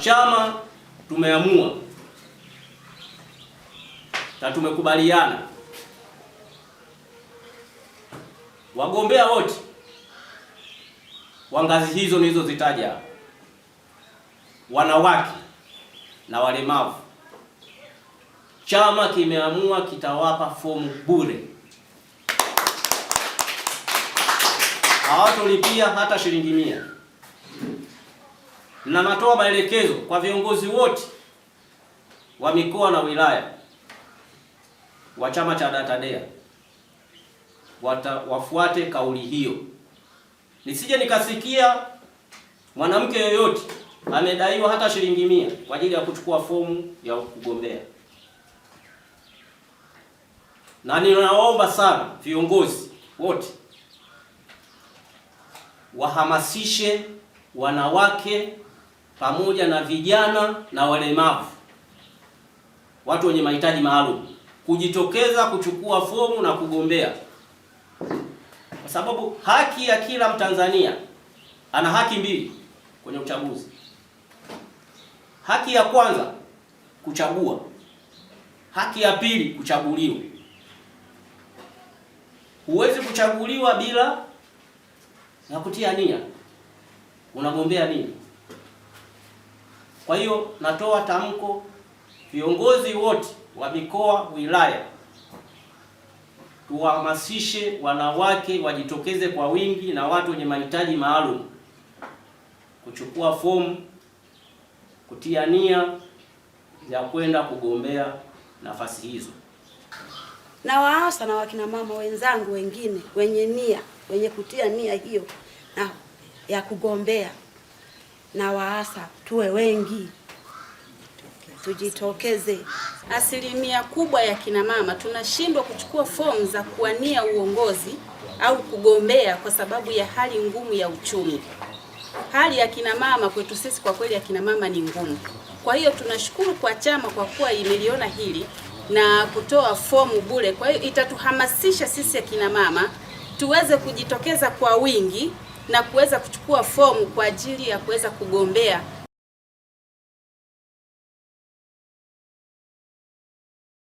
Chama tumeamua na tumekubaliana wagombea wote wa ngazi hizo nilizozitaja, wanawake na walemavu, chama kimeamua kitawapa fomu bure, hawatolipia hata shilingi mia na natoa maelekezo kwa viongozi wote wa mikoa na wilaya wa chama cha Datadea wata, wafuate kauli hiyo, nisije nikasikia mwanamke yoyote amedaiwa hata shilingi mia kwa ajili ya kuchukua fomu ya kugombea. Na ninawaomba sana viongozi wote wahamasishe wanawake pamoja na vijana na walemavu, watu wenye mahitaji maalum kujitokeza kuchukua fomu na kugombea, kwa sababu haki ya kila Mtanzania ana haki mbili kwenye uchaguzi. Haki ya kwanza kuchagua, haki ya pili kuchaguliwa. Huwezi kuchaguliwa bila ya kutia nia. Unagombea nini? Kwa hiyo natoa tamko, viongozi wote wa mikoa, wilaya, tuwahamasishe wanawake wajitokeze kwa wingi na watu wenye mahitaji maalum kuchukua fomu, kutia nia ya kwenda kugombea nafasi hizo. Na waasa na wakina mama wenzangu wengine wenye nia wenye kutia nia hiyo na ya kugombea na waasa tuwe wengi, tujitokeze. Asilimia kubwa ya kina mama tunashindwa kuchukua fomu za kuwania uongozi au kugombea kwa sababu ya hali ngumu ya uchumi. Hali ya kina mama kwetu sisi kwa kweli, ya kina mama ni ngumu. Kwa hiyo tunashukuru kwa chama kwa kuwa imeliona hili na kutoa fomu bure. Kwa hiyo itatuhamasisha sisi akina mama tuweze kujitokeza kwa wingi na kuweza kuchukua fomu kwa ajili ya kuweza kugombea